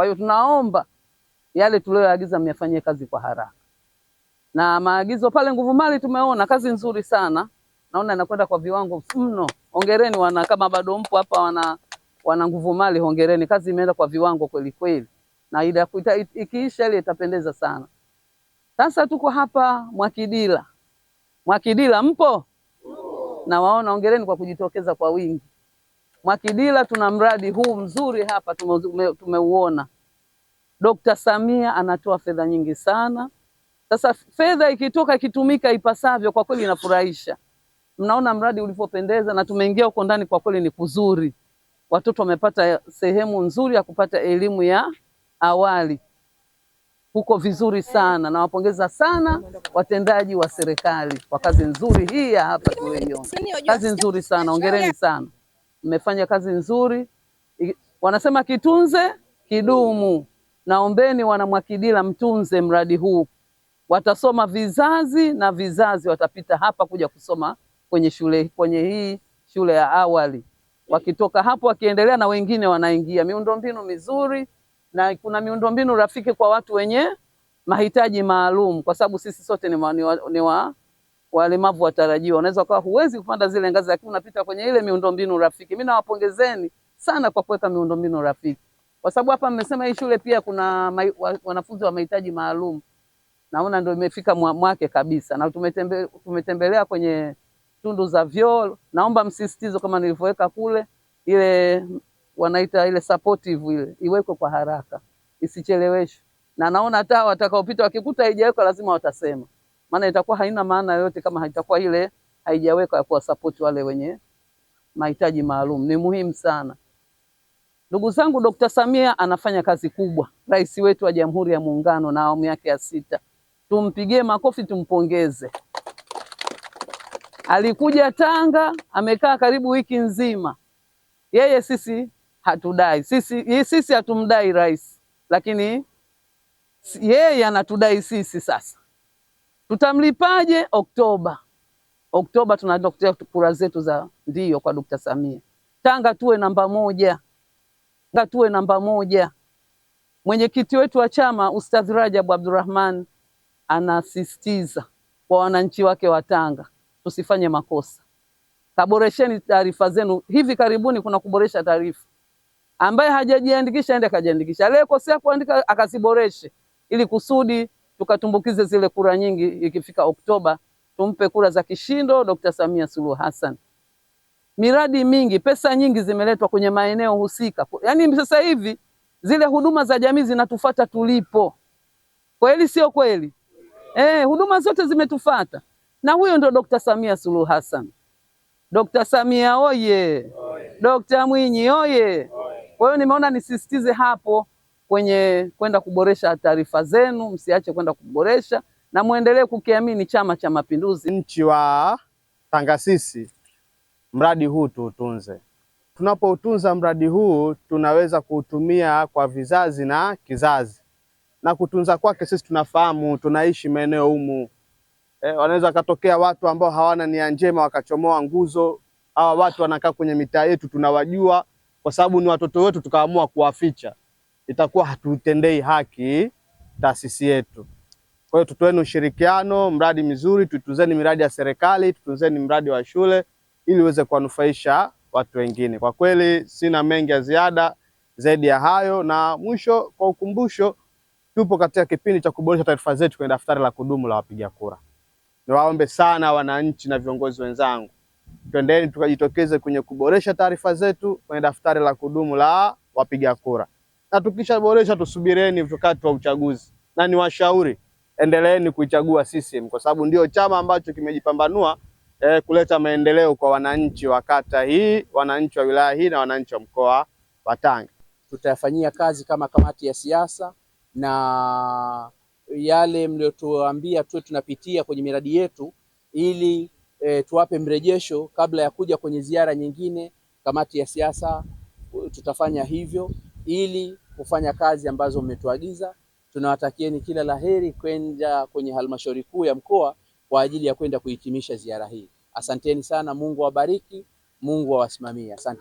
Kwa hiyo tunaomba yale tuliyoagiza myafanyie kazi kwa haraka, na maagizo pale nguvu mali tumeona kazi nzuri sana, naona inakwenda kwa viwango mno. Hongereni wana, kama bado mpo hapa wana wana mali hongereni, kazi imeenda kwa viwango kweli kweli, na ile ikiisha ile itapendeza sana. Sasa tuko hapa Mwakidila. Mwakidila mpo? Nawaona, hongereni kwa kujitokeza kwa wingi. Mwakidila tuna mradi huu mzuri hapa tumeuona, Dr. Samia anatoa fedha nyingi sana. Sasa fedha ikitoka ikitumika ipasavyo, kwa kweli inafurahisha. Mnaona mradi ulivyopendeza na tumeingia huko ndani, kwa kweli ni kuzuri. Watoto wamepata sehemu nzuri ya kupata elimu ya awali huko vizuri sana. Nawapongeza sana watendaji wa serikali kwa kazi nzuri hii ya hapa tuliyoona, kazi nzuri sana, ongereni sana mmefanya kazi nzuri. Wanasema kitunze kidumu, naombeni wanamwakidila mtunze mradi huu, watasoma vizazi na vizazi, watapita hapa kuja kusoma kwenye shule, kwenye hii shule ya awali, wakitoka hapo wakiendelea na wengine wanaingia. Miundombinu mizuri na kuna miundombinu rafiki kwa watu wenye mahitaji maalum, kwa sababu sisi sote ni, wa, ni, wa, ni wa, walemavu watarajiwa. Unaweza kuwa huwezi kupanda zile ngazi, lakini unapita kwenye ile miundombinu rafiki. Mimi nawapongezeni sana kwa kuweka miundombinu rafiki, kwa sababu hapa mmesema hii shule pia kuna wa, wanafunzi wa mahitaji maalum, naona ndio imefika mwake kabisa, na tumetembe, tumetembelea kwenye tundu za vyoo. Naomba msisitizo kama nilivyoweka kule, ile wanaita ile supportive ile iwekwe kwa haraka, isicheleweshwe, na naona hata watakaopita wakikuta haijawekwa lazima watasema maana itakuwa haina maana yoyote kama haitakuwa ile haijawekwa ya kuwasapoti wale wenye mahitaji maalum. Ni muhimu sana ndugu zangu, Dr. Samia anafanya kazi kubwa, rais wetu wa Jamhuri ya Muungano na awamu yake ya sita. Tumpigie makofi, tumpongeze. Alikuja Tanga, amekaa karibu wiki nzima. Yeye sisi hatudai sisi, sisi hatumdai rais, lakini yeye anatudai sisi sasa Tutamlipaje Oktoba? Oktoba tunaenda kutia kura zetu za ndio kwa Dkt. Samia. Tanga tuwe namba moja, Tanga tuwe namba moja. Mwenyekiti wetu wa chama ustadhi Rajab Abdurrahman anasisitiza kwa wananchi wake wa Tanga tusifanye makosa, kaboresheni taarifa zenu. Hivi karibuni kuna kuboresha taarifa, ambaye hajajiandikisha aende akajiandikisha, aliyekosea kuandika akaziboreshe ili kusudi tukatumbukize zile kura nyingi, ikifika Oktoba tumpe kura za kishindo Dr. Samia Suluhu Hassan. Miradi mingi, pesa nyingi zimeletwa kwenye maeneo husika. Yaani sasa hivi zile huduma za jamii zinatufata tulipo, kweli sio kweli? Eh, huduma zote zimetufata, na huyo ndo Dr. Samia Suluhu Hassan. Dr. Samia oye! Dr. Mwinyi oye! Kwa hiyo nimeona nisisitize hapo kwenye kwenda kuboresha taarifa zenu, msiache kwenda kuboresha na muendelee kukiamini Chama cha Mapinduzi. Nchi wa Tangasisi, mradi huu tuutunze. Tunapoutunza mradi huu, tunaweza kuutumia kwa vizazi na kizazi, na kutunza kwake sisi tunafahamu, tunaishi maeneo humu eh, wanaweza wakatokea watu ambao hawana nia njema wakachomoa nguzo. Hawa watu wanakaa kwenye mitaa yetu, tunawajua kwa sababu ni watoto wetu, tukaamua kuwaficha itakuwa hatutendei haki taasisi yetu. Kwa hiyo tutoeni ushirikiano, mradi mizuri, tutunzeni miradi ya serikali, tutunzeni mradi wa shule ili uweze kuwanufaisha watu wengine. Kwa kweli sina mengi ya ziada zaidi ya hayo, na mwisho kwa ukumbusho, tupo katika kipindi cha kuboresha taarifa zetu kwenye daftari la kudumu la wapiga kura. Niwaombe sana wananchi na viongozi wenzangu, twendeni tukajitokeze kwenye kuboresha taarifa zetu kwenye daftari la kudumu la wapiga kura na tukishaboresha tusubireni wakati wa uchaguzi, na niwashauri endeleeni kuichagua CCM kwa sababu ndio chama ambacho kimejipambanua eh, kuleta maendeleo kwa wananchi wa kata hii, wananchi wa wilaya hii na wananchi wa mkoa wa Tanga. Tutayafanyia kazi kama kamati ya siasa, na yale mliotuambia tuwe tunapitia kwenye miradi yetu ili e, tuwape mrejesho kabla ya kuja kwenye ziara nyingine. Kamati ya siasa tutafanya hivyo ili kufanya kazi ambazo mmetuagiza. Tunawatakieni kila laheri kwenda kwenye halmashauri kuu ya mkoa kwa ajili ya kwenda kuhitimisha ziara hii. Asanteni sana, Mungu awabariki, Mungu awasimamie. Asante.